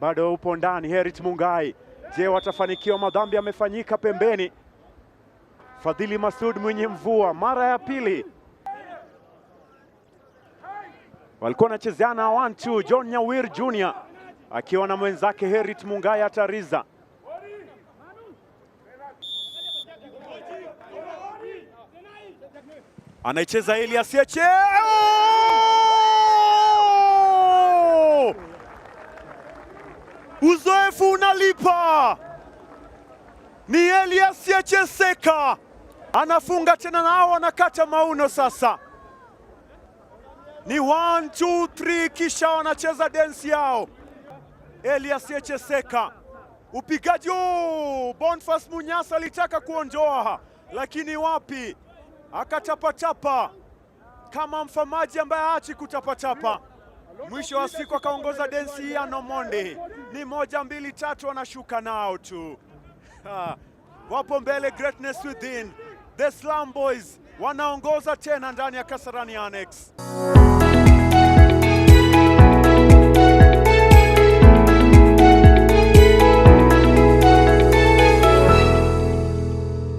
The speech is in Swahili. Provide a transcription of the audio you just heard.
bado upo ndani. Herit Mungai, je, watafanikiwa? Madhambi yamefanyika pembeni. Fadhili Masud mwenye mvua mara ya pili, walikuwa wanachezeana 1-2. John Nyawir Junior akiwa na mwenzake Herit Mungai atariza anaicheza Elias Cheche. Uzoefu unalipa. Ni Elias Yacheseka anafunga tena, nao wanakata mauno sasa. Ni 1 2 3 kisha wanacheza densi yao. Elias Yacheseka upigaji huu, Bonfas Munyasa alitaka kuondoa, lakini wapi, akatapatapa kama mfamaji ambaye haachi kutapatapa. Mwisho wa siku akaongoza densi ya Nomonde ni moja mbili tatu, wanashuka nao tu Wapo mbele Greatness Within, The Slum Boys wanaongoza tena ndani ya Kasarani Annex.